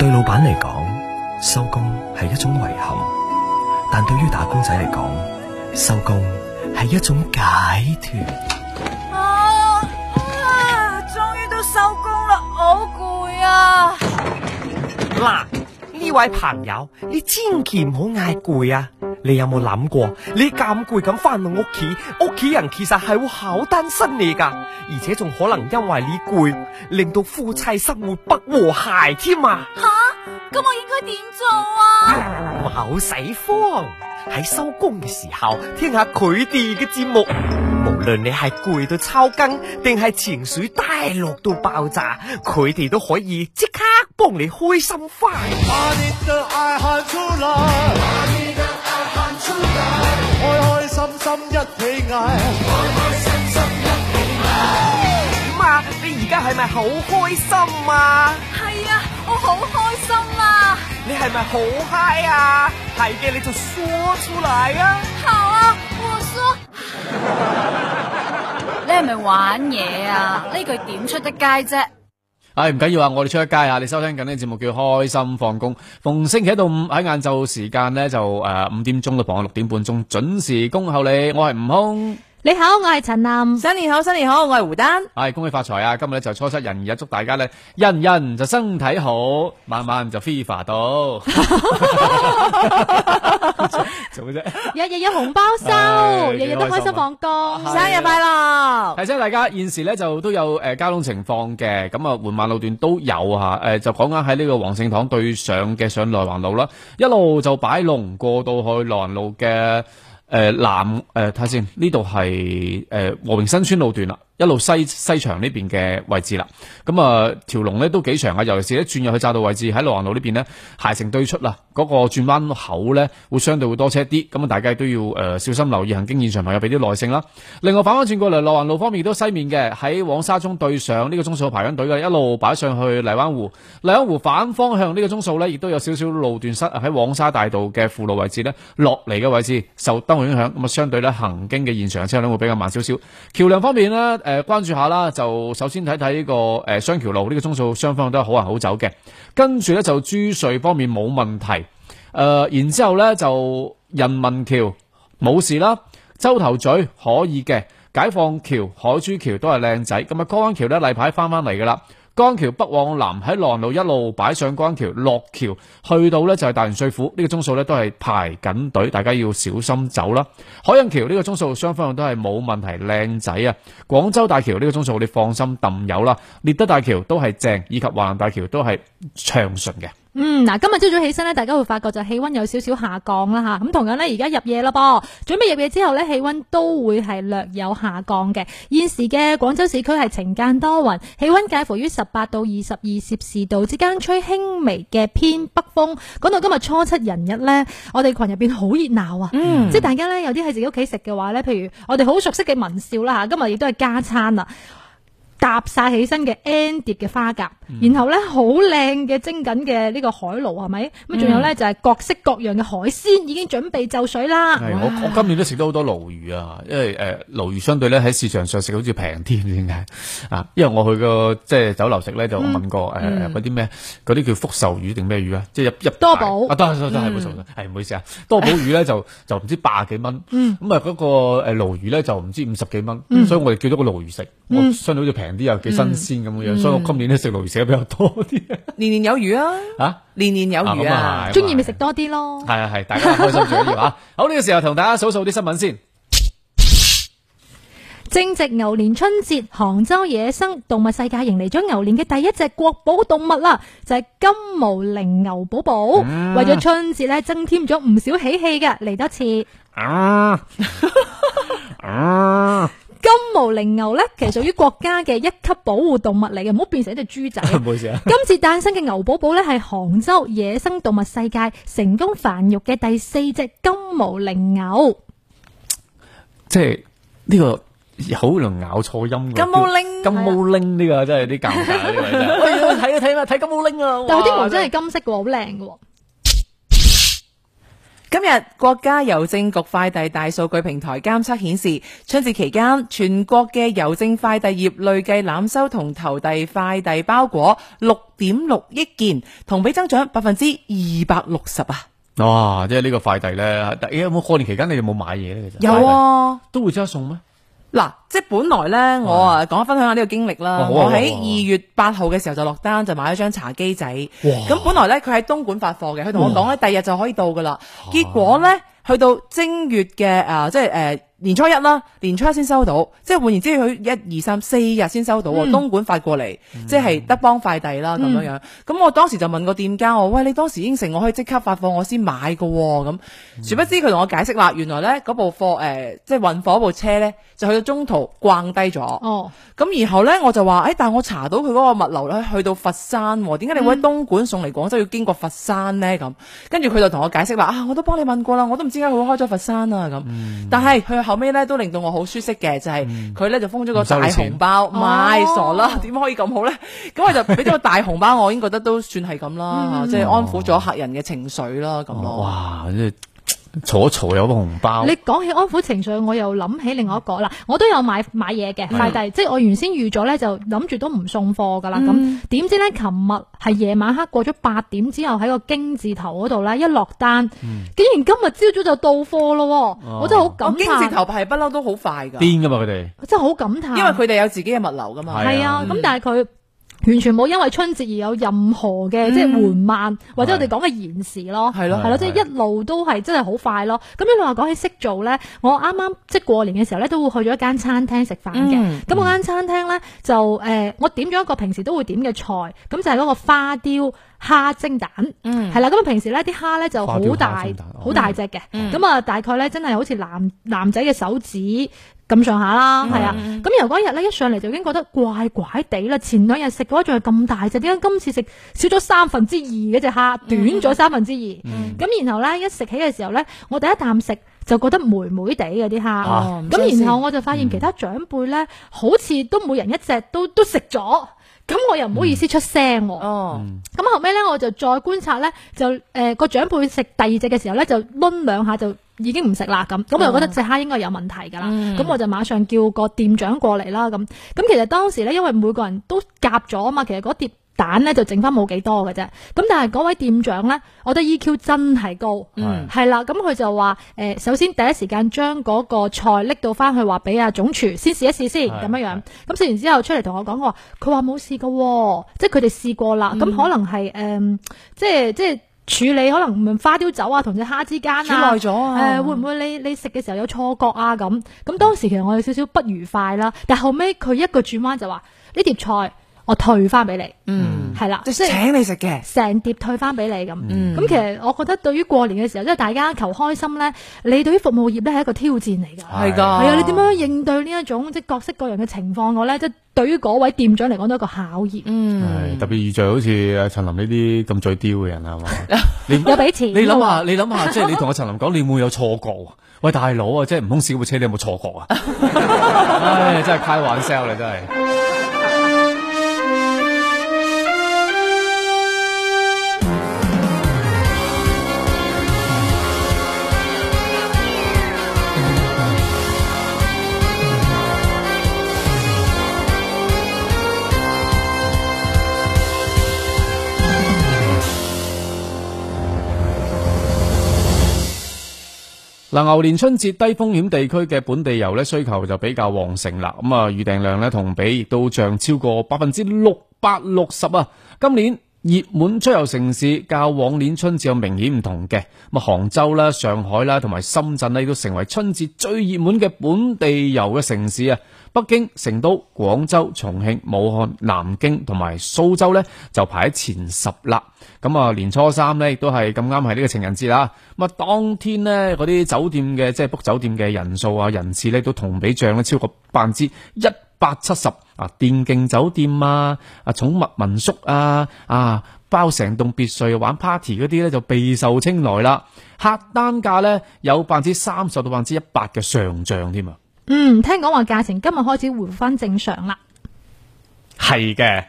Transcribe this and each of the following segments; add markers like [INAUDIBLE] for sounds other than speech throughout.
對老闆嚟講，收工係一種遺憾；但對於打工仔嚟講，收工係一種解脫。啊，啊，終於都收工啦，好攰啊！嗱，啊，呢位朋友，你千祈唔好嗌攰啊！你有冇諗過？你咁攰咁翻到屋企，屋企人其實係會好擔心你噶，而且仲可能因為你攰，令到夫妻生活不和諧添啊！吓，咁我應該點做啊？唔好使慌，喺收工嘅時候聽下佢哋嘅節目，無論你係攰到抽筋，定係情緒低落到爆炸，佢哋都可以即刻幫你開心翻。把你心一起嗌，啊，開開心心一起嗌。咁啊，你而家係咪好開心啊？係啊，我好開心啊。你係咪好嗨啊？係嘅，你就說出來啊。好啊，我說。 [LAUGHS] [LAUGHS] 你係咪玩嘢啊？呢句點出得街啫？哎，唔緊要啊！我哋出一街啊！你收聽緊呢個節目叫《開心放工》，逢星期一到五喺晏晝時間咧就誒五點鐘到傍晚六點半鐘準時恭候你。我係悟空，你好，我係陳楠。新年好，新年好，我係胡丹。係恭喜發財啊！今日咧就初七，人日祝大家咧，欣欣就身體好，晚晚就飛快到。做咩啫？日日有紅包收，日日都開心放工，生日快樂！提醒大家，現時咧就都有誒交通情況嘅，咁啊緩慢路段都有嚇，誒就講緊喺呢個黃聖堂對上嘅上內環路啦，一路就擺龍過到去內環路嘅誒南誒，睇下先呢度係誒和平新村路段啦。一路西西場呢邊嘅位置啦，咁、嗯、啊條龍呢都幾長啊，尤其是咧轉入去匝道位置喺羅漢路呢邊呢，鞋城對出啦，嗰、那個轉彎口呢會相對會多車啲，咁、嗯、啊大家都要誒、呃、小心留意行經現場朋友俾啲耐性啦。另外反翻轉過嚟羅漢路方面都西面嘅，喺黃沙中對上呢個鐘數排緊隊嘅，一路擺上去荔灣湖，荔灣湖反方向呢個鐘數呢，亦都有少少路段塞喺黃沙大道嘅輔路位置呢，落嚟嘅位置受燈號影響，咁、嗯、啊相對呢，行經嘅現場車輛會比較慢少少。橋樑方面呢。呢誒、呃，關注下啦，就首先睇睇呢個誒雙橋路呢、呢個鐘數雙方都係好行好走嘅，跟住呢，就珠隧方面冇問題，誒、呃，然之後咧就人民橋冇事啦，洲頭咀可以嘅，解放橋、海珠橋都係靚仔，咁啊，江灣橋呢，例牌翻翻嚟噶啦。江橋北往南喺浪路一路擺上江橋，落橋去到呢就係大元帥府，呢個鐘數呢都係排緊隊，大家要小心走啦。海印橋呢個鐘數雙方向都係冇問題，靚仔啊！廣州大橋呢個鐘數你放心揼油啦，獵德大橋都係正，以及華南大橋都係暢順嘅。嗯，嗱，今日朝早起身咧，大家會發覺就氣溫有少少下降啦吓，咁同樣呢，而家入夜啦噃，準備入夜之後呢，氣溫都會係略有下降嘅。現時嘅廣州市區係晴間多雲，氣溫介乎於十八到二十二攝氏度之間，吹輕微嘅偏北風。講到今日初七人日呢，我哋群入邊好熱鬧啊，嗯、即係大家呢，有啲喺自己屋企食嘅話呢，譬如我哋好熟悉嘅文少啦吓，今日亦都係加餐啦。搭晒起身嘅 end 碟嘅花甲，然後咧好靚嘅蒸緊嘅呢的的個海鱸係咪？咁仲有咧就係、是、各式各樣嘅海鮮已經準備就水啦。我、嗯、哇我今年都食咗好多鱸魚啊，因為誒鱸、呃、魚相對咧喺市場上食好似平啲點解啊？因為我去過即係酒樓食咧就問過誒嗰啲咩嗰啲叫福壽魚定咩魚寶啊？即係入一多寶啊！都係係冇錯，係唔、嗯、好意思啊。多寶魚咧就、啊、就唔知百啊幾蚊，咁啊嗰個誒鱸魚咧就唔知五十幾蚊、嗯，所以我哋叫咗個鱸魚食，相對好似平。啲又幾新鮮咁樣，所以我今年咧食鱸魚食得比較多啲。年年有魚啊！啊，年年有魚啊！中意咪食多啲咯。係啊係，大家開心中意啊！好呢個時候同大家數數啲新聞先。正值牛年春節，杭州野生動物世界迎嚟咗牛年嘅第一隻國寶動物啦，就係金毛羚牛寶寶，為咗春節咧增添咗唔少喜氣嘅嚟多次。金毛羚牛咧，其實屬於國家嘅一級保護動物嚟嘅，唔好變成一隻豬仔。冇事啊！今次誕生嘅牛寶寶咧，係杭州野生動物世界成功繁育嘅第四隻金毛羚牛。即係呢個好容易咬錯音嘅。金毛羚，金毛羚呢個真係啲教。睇啊睇啊睇金毛羚啊！但係啲毛真係金色嘅，好靚嘅。今日國家郵政局快遞大數據平台監測顯示，春節期間全國嘅郵政快遞業累計攬收同投遞快遞包裹六點六億件，同比增長百分之二百六十啊！哇，即係呢個快遞呢，有冇過年期間你有冇買嘢呢？其實有，啊，都會即刻送咩？嗱，即係本來咧，我啊講分享下呢個經歷啦。我喺二月八號嘅時候就落單，就買咗張茶幾仔。咁哇本來咧，佢喺東莞發貨嘅，佢同我講咧，第二哇日就可以到噶啦。哇結果咧，去到正月嘅啊、呃，即係誒。呃年初一啦，年初一先收到，即係換言之，佢一二三四日先收到，嗯、東莞發過嚟，嗯、即係德邦快遞啦咁樣、嗯、樣。咁我當時就問個店家，我喂，你當時應承我可以即刻發貨我，我先買嘅喎。咁、嗯，殊不知佢同我解釋話，原來呢嗰部貨誒、呃，即係運貨嗰部車呢，就去到中途逛低咗。哦，咁然後呢，我就話：誒、哎，但係我查到佢嗰個物流咧，去到佛山，點解你會喺東莞送嚟廣州要經過佛山呢？」咁，跟住佢就同我解釋話：啊，我都幫你問過啦，我都唔知點解佢開咗佛山啊。咁，嗯、但係佢後。後尾咧都令到我好舒適嘅，就係佢咧就封咗個大紅包，咪傻啦，點可以咁好咧？咁 [LAUGHS] 我就俾咗個大紅包，我已經覺得都算係咁啦，即係、嗯、安撫咗客人嘅情緒啦，咁、哦、咯。哇嘈一嘈有個紅包。你講起安撫情緒，我又諗起另外一個啦。我都有買買嘢嘅快遞，即係我原先預咗咧，就諗住都唔送貨噶啦。咁點知咧，琴日係夜晚黑過咗八點之後喺個京字頭嗰度咧，一落單，竟然今日朝早就到貨咯。我真係好感嘆。京字頭排不嬲都好快噶。癲噶嘛佢哋，真係好感嘆。因為佢哋有自己嘅物流噶嘛。係啊，咁但係佢。完全冇因為春節而有任何嘅即係緩慢或者我哋講嘅延時咯，係咯，係咯，即係一路都係真係好快咯。咁你話講起識做咧，我啱啱即係過年嘅時候咧，都會去咗一間餐廳食飯嘅。咁嗰間餐廳咧就誒，我點咗一個平時都會點嘅菜，咁就係嗰個花雕蝦蒸蛋，係啦。咁啊平時咧啲蝦咧就好大，好大隻嘅。咁啊大概咧真係好似男男仔嘅手指。咁上下啦，係啊。咁然後嗰一日咧，hmm. 一上嚟就已經覺得怪怪地啦。前兩日食嗰隻仲係咁大隻，點解今次食少咗三分之二嘅隻蝦，mm hmm. 短咗三分之二？咁、mm hmm. 然後咧，一食起嘅時候咧，我第一啖食就覺得霉霉地嘅啲蝦。咁、啊、然後我就發現其他長輩咧，好似都每人一隻都都食咗。咁、mm hmm. 我又唔好意思出聲。哦、mm。咁、hmm. 後尾咧，我就再觀察咧，就誒個、呃、長輩食第二隻嘅時候咧，就攆兩下就。已經唔食啦，咁咁我就覺得即刻應該有問題噶啦，咁我就馬上叫個店長過嚟啦，咁咁、嗯、其實當時咧，因為每個人都夾咗啊嘛，其實嗰碟蛋咧就剩翻冇幾多嘅啫，咁但係嗰位店長咧，我覺得 EQ 真係高，係啦、嗯，咁佢就話，誒，首先第一時間將嗰個菜拎到翻去話俾阿總廚先試一試先，咁樣、嗯、樣，咁試完之後出嚟同我講話，佢話冇事噶，即係佢哋試過啦，咁、嗯、可能係，誒、呃，即係即係。處理可能唔係花雕酒啊同隻蝦之間啊耐咗，誒、呃、會唔會你你食嘅時候有錯覺啊咁？咁當時其實我有少少不愉快啦，但後尾佢一個轉彎就話呢碟菜我退翻俾你，係、嗯、啦，即係請你食嘅，成碟退翻俾你咁。咁、嗯嗯、其實我覺得對於過年嘅時候，即係大家求開心咧，你對於服務業咧係一個挑戰嚟噶，係噶，係啊，你點樣應對呢一種即係各式各樣嘅情況個咧？即對於嗰位店長嚟講都係一個考驗，嗯，特別遇着好似阿陳琳呢啲咁最刁嘅人係嘛，你有俾錢，你諗下，你諗下，即係你同阿陳琳講，你會唔會有錯覺？喂，大佬啊，即係唔通小部車你有冇錯覺啊？ [LAUGHS] [LAUGHS] 唉，真係開玩笑你真係。嗱，牛年春節低風險地區嘅本地遊咧需求就比較旺盛啦，咁啊預訂量咧同比亦都漲超過百分之六百六十啊，今年。熱門出遊城市較往年春節有明顯唔同嘅，咁杭州啦、上海啦，同埋深圳呢，都成為春節最熱門嘅本地遊嘅城市啊！北京、成都、廣州、重慶、武漢、南京同埋蘇州呢，就排喺前十啦。咁啊，年初三呢，亦都係咁啱係呢個情人節啊！咁啊，當天呢，嗰啲酒店嘅即係 book 酒店嘅人數啊、人次呢，都同比漲咗超過百分之一百七十。啊！電競酒店啊，啊寵物民宿啊，啊包成棟別墅玩 party 嗰啲咧就備受青睞啦，客單價咧有百分之三十到百分之一百嘅上漲添啊！嗯，聽講話價錢今日開始回返正常啦，係嘅的。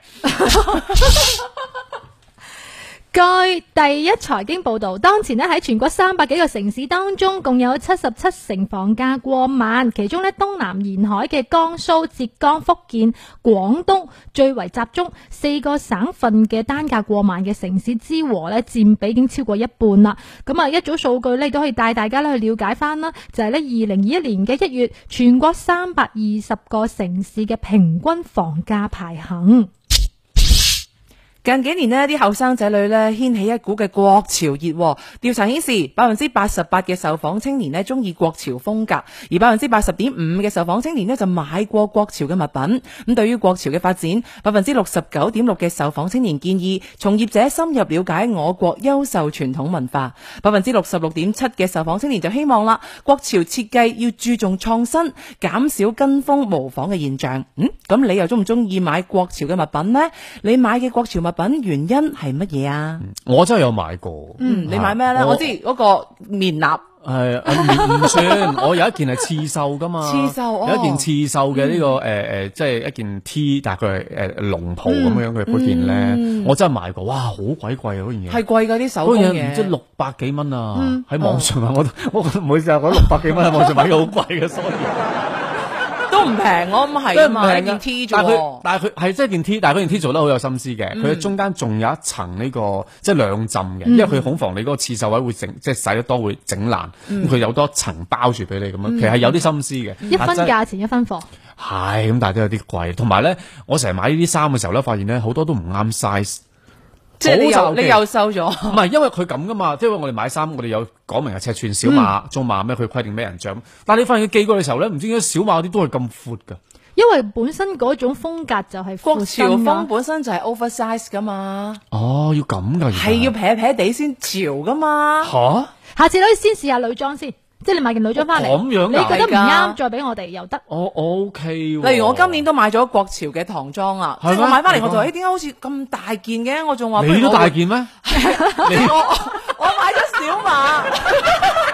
[LAUGHS] [LAUGHS] .據第一財經報道，當前咧喺全國三百幾個城市當中，共有七十七城房價過萬，其中咧東南沿海嘅江蘇、浙江、福建、廣東最為集中，四個省份嘅單價過萬嘅城市之和咧佔比已經超過一半啦。咁啊，一組數據咧都可以帶大家咧去了解翻啦，就係呢，二零二一年嘅一月，全國三百二十個城市嘅平均房價排行。近幾年呢啲後生仔女呢，掀起一股嘅國潮熱。調查顯示，百分之八十八嘅受訪青年呢中意國潮風格，而百分之八十點五嘅受訪青年呢就買過國潮嘅物品。咁對於國潮嘅發展，百分之六十九點六嘅受訪青年建議從業者深入了解我國優秀傳統文化。百分之六十六點七嘅受訪青年就希望啦，國潮設計要注重創新，減少跟風模仿嘅現象。嗯，咁你又中唔中意買國潮嘅物品呢？你買嘅國潮物品？品原因係乜嘢啊？我真係有買過。嗯，你買咩咧？我知嗰個棉衲係啊，唔算。我有一件係刺繡噶嘛，刺繡有一件刺繡嘅呢個誒誒，即係一件 T，但係佢係誒龍袍咁樣嘅嗰件咧，我真係買過，哇，好鬼貴啊！嗰件嘢係貴噶啲手，嗰件唔知六百幾蚊，啊！喺網上買，我都，我唔好意思啊，我六百幾蚊喺網上買嘅，好貴嘅，所以。都唔平，我咁係噶嘛？件 T 做，但佢但係佢係即係件 T，但係嗰件 T 做得好有心思嘅。佢喺中間仲有一層呢個即係兩浸嘅，因為佢恐防你嗰個刺繡位會整，即係洗得多會整爛。佢有多層包住俾你咁樣，其實有啲心思嘅。一分價錢一分貨，係咁，但係都有啲貴。同埋咧，我成日買呢啲衫嘅時候咧，發現咧好多都唔啱 size。即係你又你又瘦咗，唔係 [LAUGHS] 因為佢咁噶嘛，即係我哋買衫，我哋有講明係尺寸小碼、嗯、中碼咩，佢規定咩人着。但係你發現佢寄過嘅時候咧，唔知點解小碼啲都係咁闊嘅。因為本身嗰種風格就係闊潮風，本身就係 oversize 噶嘛。哦，要咁噶，係要撇撇地先潮噶嘛。吓哈，下次可以先試下女裝先。即係你買件女裝翻嚟，咁樣你覺得唔啱的再俾我哋又得。我、哦、OK、啊。例如我今年都買咗國潮嘅唐裝啊。嗎即我買翻嚟嗎，我就話：，誒，點解好似咁大件嘅是？ [LAUGHS] 我仲話你都大件咩？我我買咗小碼。 [LAUGHS] [LAUGHS]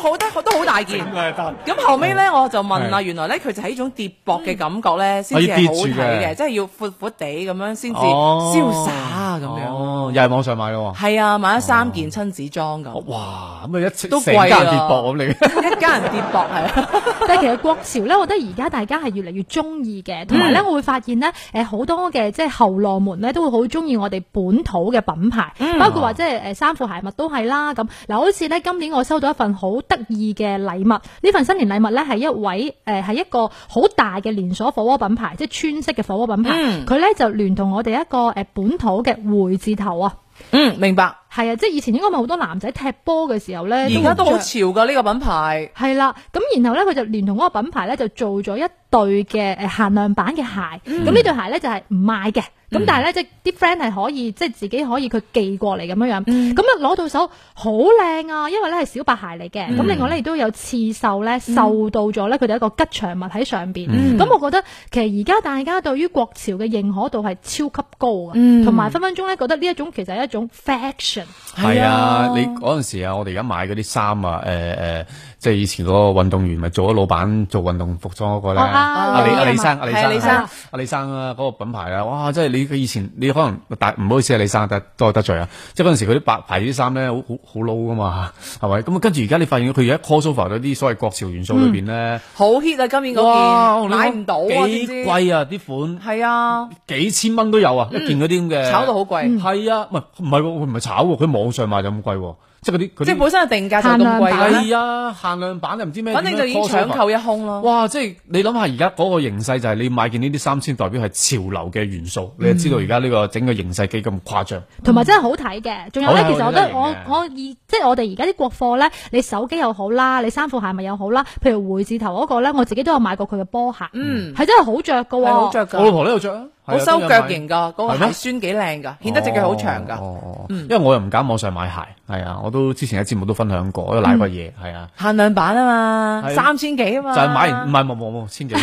好得都好大件，咁後尾咧我就問啦，原來咧佢就係一種跌薄嘅感覺咧，先至好睇嘅，即係要闊闊地咁樣先至瀟灑啊咁樣，又係網上買咯喎，係啊，買咗三件親子裝咁，哇，咁啊一成成家跌薄咁，你一家人跌薄係，但係其實國潮咧，我覺得而家大家係越嚟越中意嘅，同埋咧，我會發現咧，誒好多嘅即係後浪們咧都會好中意我哋本土嘅品牌，包括話即係誒衫褲鞋襪都係啦，咁嗱，好似咧今年我收到一份好得意嘅禮物，呢份新年禮物呢係一位誒係、呃、一個好大嘅連鎖火鍋品牌，即係川式嘅火鍋品牌。佢、嗯、呢就聯同我哋一個誒本土嘅回字頭啊。嗯，明白。係啊，即係以前應該咪好多男仔踢波嘅時候咧，而家且 都好潮噶呢個品牌。係啦、啊，咁然後咧佢就連同嗰個品牌咧就做咗一對嘅限量版嘅鞋。咁呢、嗯、對鞋咧就係唔賣嘅，咁、嗯、但係咧即係啲 friend 係可以即係、就是、自己可以佢寄過嚟咁樣樣。咁啊攞到手好靚啊，因為咧係小白鞋嚟嘅。咁、嗯、另外咧亦都有刺繡咧，繡到咗咧佢哋一個吉祥物喺上邊。咁我覺得其實而家大家對於國潮嘅認可度係超級高嘅，同埋、嗯、分分鐘咧覺得呢一種其實係一種 fashion。係啊， [NOISE] 你嗰陣時啊，我哋而家買嗰啲衫啊，誒誒。即係以前嗰個運動員咪做咗老闆做運動服裝嗰個咧，阿李生，阿李生，阿李生，阿李生啊，嗰個品牌啊，哇！即係你佢以前你可能大唔好意思啊，李生多得罪啊！即係嗰陣時佢啲白牌啲衫咧，好好好 low 㗎嘛，係咪？咁啊，跟住而家你發現佢而家 cosplay 嗰啲所謂國潮元素裏邊咧，好 hit 啊！今年嗰件買唔到啊，幾貴啊！啲款係啊，幾千蚊都有啊！一件嗰啲咁嘅炒到好貴，係啊，唔係唔係佢唔係炒喎，佢網上賣就咁貴喎。即係啲，即係本身係定價就咁貴咧。限量版啊，唔知咩。反正就已經搶購一空咯。哇！即係你諗下而家嗰個形勢就係，你買件呢啲衫，先代表係潮流嘅元素，嗯、你就知道而家呢個整個形勢幾咁誇張。同埋、嗯、真係好睇嘅，仲有咧，嗯、其實我覺得我我而即係我哋而家啲國貨咧，你手機又好啦，你衫褲鞋襪又好啦，譬如回字頭嗰、嗰個咧，我自己都有買過佢嘅波鞋，嗯，係真係好着噶，好着噶，我老婆都有着好收腳型噶，嗰個鞋酸幾靚噶，顯得隻腳好長噶。因為我又唔揀網上買鞋，係啊，我都之前喺節目都分享過，都買過嘢係啊。限量版啊嘛，三千幾啊嘛。就係買唔係冇冇冇千幾，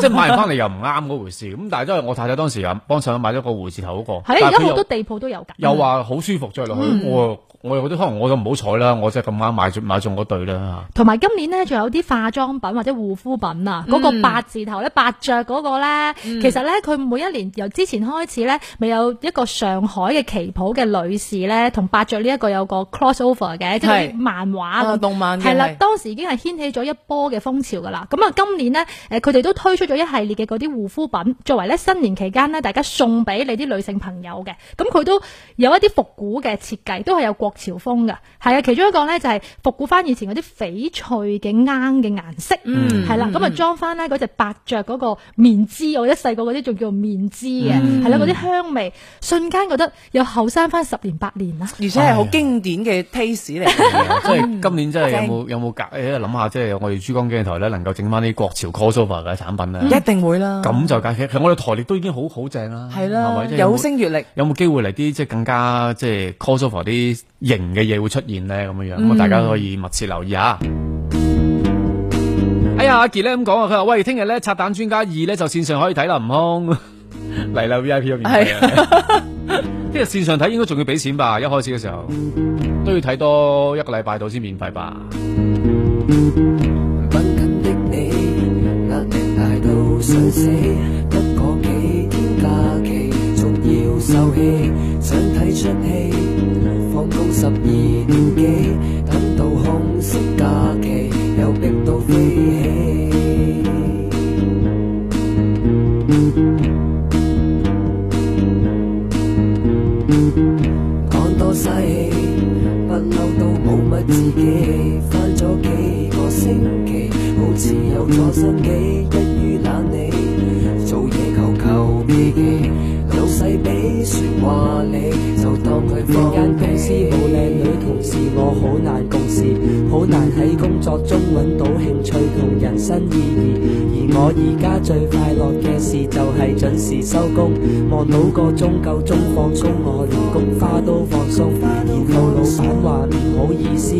即係買完翻嚟又唔啱嗰回事。咁但係因為我太太當時又幫手買咗個蝴蝶頭嗰個。係而家好多地鋪都有㗎。又話好舒服，著落去我我又覺得可能我就唔好彩啦，我真係咁啱買買中嗰對啦。同埋今年咧，仲有啲化妝品或者護膚品啊，嗰個八字頭咧，八着嗰個咧，其實咧佢每一年。由之前開始咧，咪有一個上海嘅旗袍嘅女士咧，同百雀呢一個有個 cross over 嘅，是即係漫畫嗰、啊、動漫嘅係啦。當時已經係掀起咗一波嘅風潮噶啦。咁啊，今年呢，誒佢哋都推出咗一系列嘅嗰啲護膚品，作為咧新年期間呢，大家送俾你啲女性朋友嘅。咁佢都有一啲復古嘅設計，都係有國潮風噶。係啊，其中一個咧就係復古翻以前嗰啲翡翠嘅啱嘅顏色，係啦。咁啊，裝翻咧嗰隻百雀嗰個面脂，我記得細個嗰啲仲叫面。知嘅，係咯嗰啲香味，瞬間覺得又後生翻十年八年啦。而且係好經典嘅 taste 嚟，即係今年真係有冇有冇夾？諗下即係我哋珠江經濟台咧，能夠整翻啲國潮 coser 嘅產品咧，一定會啦。咁就解期，其實我哋台曆都已經好好正啦。係啦，有升越力，有冇機會嚟啲即係更加即係 coser 啲型嘅嘢會出現呢？咁樣樣，咁大家可以密切留意下！哎呀，阿杰呢，咁講啊，佢話喂，聽日呢，拆彈專家二呢，就綫上可以睇啦，悟空。嚟啦 VIP 入，免費，即係線上睇應該仲要俾錢吧，一開始嘅時候都要睇多一個禮拜到先免費吧。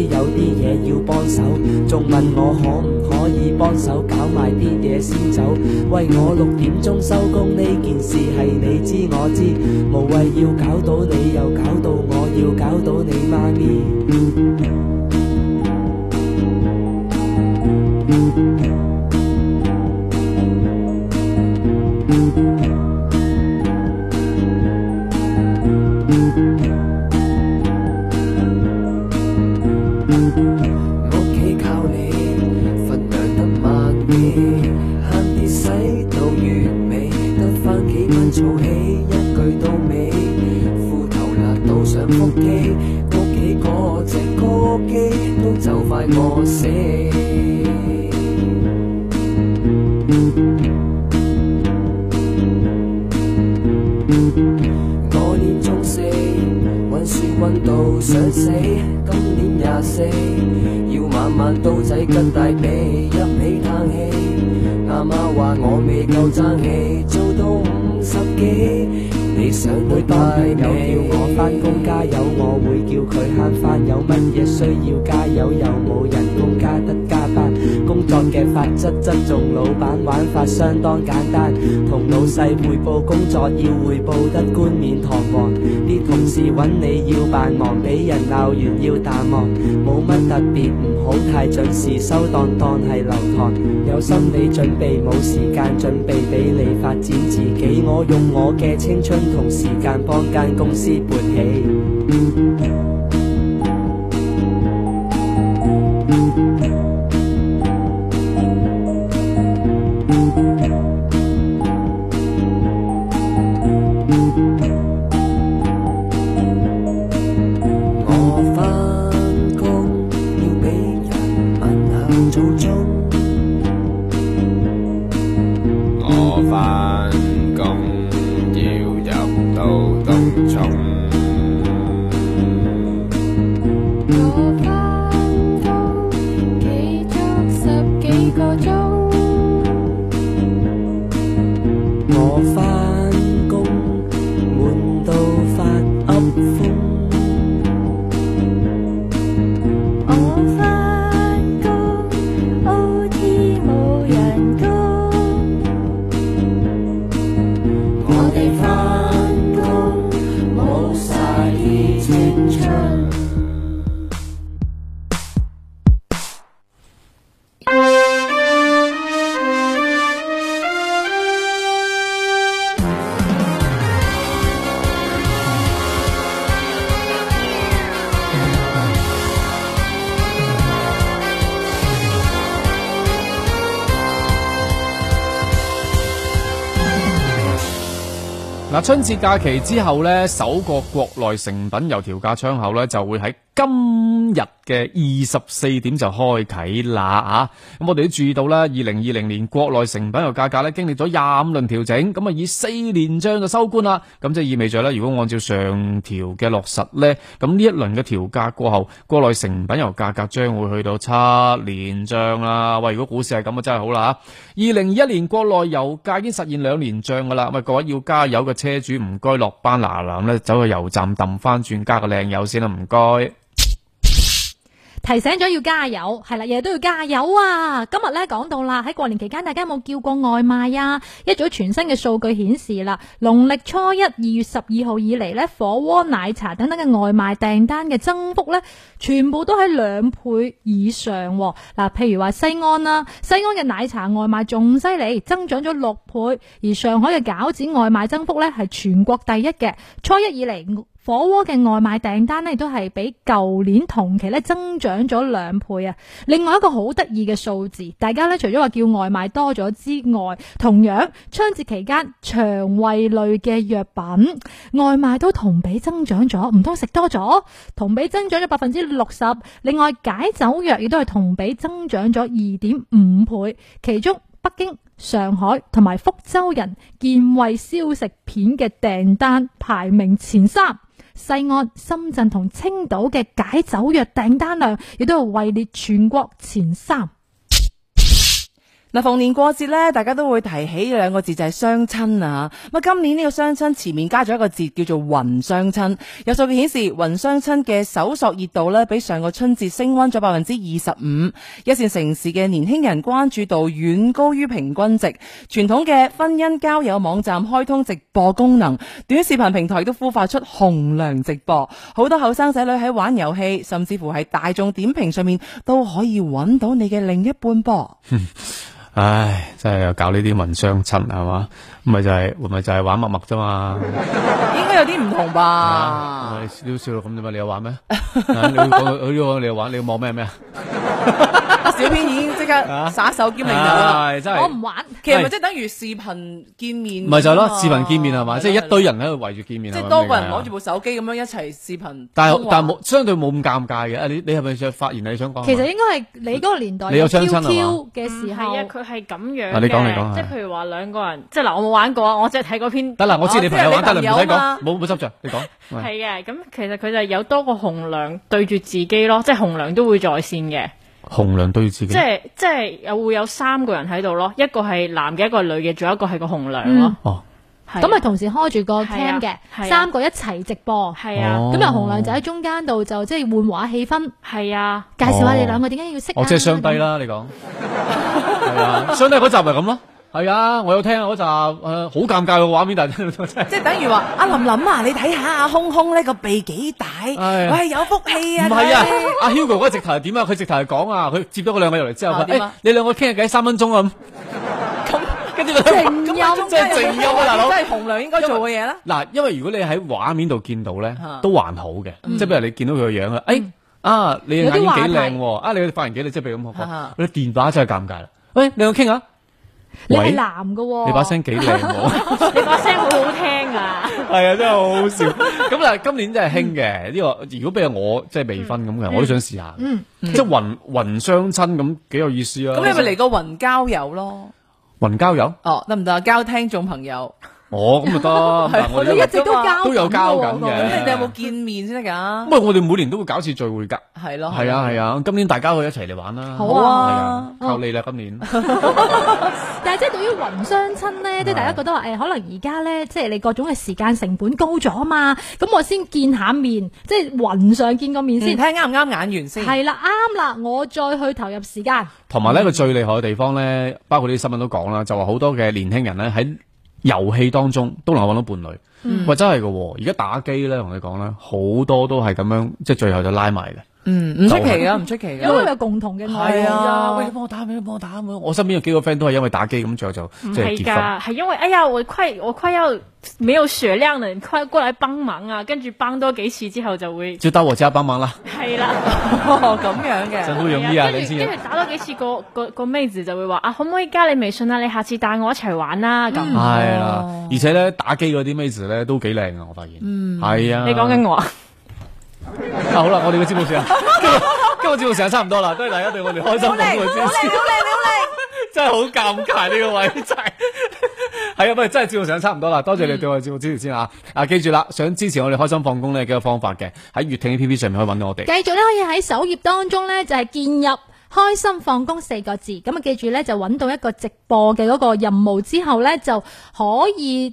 有啲嘢要幫手，仲問我可唔可以幫手搞埋啲嘢先走。喂，我六點鐘收工呢件事係你知我知，無謂要搞到你又搞到我，要搞到你媽咪。質質重老闆玩法相當簡單，同老細匯報工作要匯報得冠冕堂皇。啲同事揾你要扮忙，俾人鬧完要淡忘。冇乜特別唔好太準時收檔，當係留堂。有心理準備冇時間準備，俾你發展自己。我用我嘅青春同時間幫間公司勃起。春節假期之後咧，首個國內成品油調價窗口咧就會喺今日嘅二十四點就開啟啦，咁我哋都注意到啦，二零二零年國內成品油價格咧經歷咗廿五輪調整，咁啊以四連漲就收官啦。咁即係意味住咧，如果按照上調嘅落實咧，咁呢一輪嘅調價過後，國內成品油價格將會去到七連漲啦。喂，如果股市係咁啊，真係好啦。二零二一年國內油價已經實現兩連漲噶啦，各位要加油嘅車主唔該落班嗱嗱走去油站抌翻轉加個靚油先啦，唔該。提醒咗要加油，係啦，日日都要加油啊！今日呢講到啦，喺過年期間，大家有冇叫過外賣啊？一組全新嘅數據顯示啦，農曆初一二月十二號以嚟呢，火鍋、奶茶等等嘅外賣訂單嘅增幅呢，全部都喺兩倍以上喎。嗱，譬如話西安啦、啊，西安嘅奶茶外賣仲犀利，增長咗六倍；而上海嘅餃子外賣增幅呢，係全國第一嘅，初一以嚟。火鍋嘅外賣訂單呢，都係比舊年同期咧增長咗兩倍啊。另外一個好得意嘅數字，大家咧除咗話叫外賣多咗之外，同樣春節期間腸胃類嘅藥品外賣都同比增長咗，唔通食多咗？同比增長咗百分之六十。另外解酒藥亦都係同比增長咗二點五倍，其中北京、上海同埋福州人健胃消食片嘅訂單排名前三。西安、深圳同青島嘅解酒藥訂單量，亦都係位列全國前三。逢年過節咧，大家都會提起兩個字就係相親啊！咁今年呢個相親前面加咗一個字叫做雲相親。有數據顯示，雲相親嘅搜索熱度咧，比上個春節升溫咗百分之二十五。一線城市嘅年輕人關注度遠高於平均值。傳統嘅婚姻交友網站開通直播功能，短視頻平台都孵化出紅娘直播。好多後生仔女喺玩遊戲，甚至乎喺大眾點評上面都可以揾到你嘅另一半噃。 [LAUGHS] 唉，真係又搞呢啲雲相親係嘛？唔咪就係、會，唔咪就係玩陌陌啫嘛，應該有啲唔同吧？少少咁啫嘛，你有玩咩？你講，玩，你要望咩咩啊？小編已經即刻耍手兼擰頭啦！真係，我唔玩，其實咪即係等於視頻見面，唔係就係咯，視頻見面係嘛？即係一堆人喺度圍住見面，即係多個人攞住部手機咁樣一齊視頻。但係但係冇相對冇咁尷尬嘅。你你係咪想發現你想講？其實應該係你嗰個年代有相親嘅時候，佢係咁樣嘅，你講你講，即係譬如話兩個人，即係嗱，我冇玩過啊，我只係睇嗰篇。得啦，我知你朋友玩得，你唔使講，冇冇執著，你講。係嘅，咁其實佢就有多個紅娘對住自己咯，即係紅娘都會在線嘅。紅娘都要自己即，即係即係有會有三個人喺度咯，一個係男嘅，一個係女嘅，仲有一個係個紅娘咯。嗯、哦，咁咪、啊、同時開住個 cam 嘅，啊啊、三個一齊直播，係啊。咁啊、哦，紅娘就喺中間度就即係換畫氣氛，係啊，介紹下你兩個點解要識。哦，即係相睇啦，你講，係啊，相睇嗰集咪咁咯。係啊，我有聽嗰集誒，好尷尬嘅畫面，但係即係等於話阿林琳啊，你睇下阿空空呢個鼻幾大，喂有福氣啊！唔係啊，阿 Hugo 嗰個直頭係點啊？佢直頭係講啊，佢接咗佢兩個入嚟之後，你你兩個傾下偈三分鐘啊。咁跟住佢靜音，真係啊！大佬，真係紅娘應該做嘅嘢啦。」嗱，因為如果你喺畫面度見到咧，都還好嘅，即係譬如你見到佢個樣啊，誒啊，你又已經幾靚，啊你髮型幾靚，即係比咁，我電話真係尷尬啦，喂，兩個傾下。你係男噶，你把聲幾靚，你把聲好好聽啊！係啊，真係好好笑。咁嗱，今年真係興嘅呢個。如果比如我即係未婚咁嘅，我都想試下。嗯，即係雲雲相親咁，幾有意思啊！咁你咪嚟個雲交友咯？雲交友？哦，得唔得啊？交聽眾朋友。哦，咁咪得，我哋一直都交都有交緊嘅，咁你哋有冇見面先得噶？喂，我哋每年都會搞次聚會噶，係咯，係啊係啊，今年大家去一齊嚟玩啦，好啊，求你啦今年。但係即係對於雲相親咧，即係大家覺得話，誒，可能而家咧，即係你各種嘅時間成本高咗嘛，咁我先見下面，即係雲上見個面先，睇下啱唔啱眼緣先。係啦，啱啦，我再去投入時間。同埋呢個最厲害嘅地方咧，包括啲新聞都講啦，就話好多嘅年輕人咧喺。遊戲當中都能揾到伴侶，嗯、喂，真係噶，而家打機咧，同你講咧，好多都係咁樣，即係最後就拉埋嘅。嗯，唔出奇噶，唔出奇噶，因為有共同嘅愛好啊！喂，幫我打，喂，幫我打，我身邊有幾個 friend 都係因為打機咁最後就唔係噶，係因為哎呀，我快我快要沒有血量啦，你快過來幫忙啊！跟住幫多幾次之後就會就得我家幫忙啦，係啦，咁樣嘅，好容易啊！跟住打多幾次個個個妹子就會話啊，可唔可以加你微信啊？你下次帶我一齊玩啦。咁係啦，而且咧打機嗰啲妹子咧都幾靚啊！我發現，嗯，係啊，你講緊我。啊、好啦，我哋嘅節目時間，今日節目時間差唔多啦，都係大家對我哋開心放工支持。了了，了了，真係好尷尬呢個位置。係啊，喂，真係節目時間差唔多啦，多謝你對我哋節目支持先啊。嗯、啊，記住啦，想支持我哋開心放工呢幾個方法嘅喺粵聽 A P P 上面可以揾到我哋。繼續呢，可以喺首頁當中呢，就係、是、鍵入開心放工四個字，咁啊記住呢，就揾到一個直播嘅嗰個任務之後呢，就可以。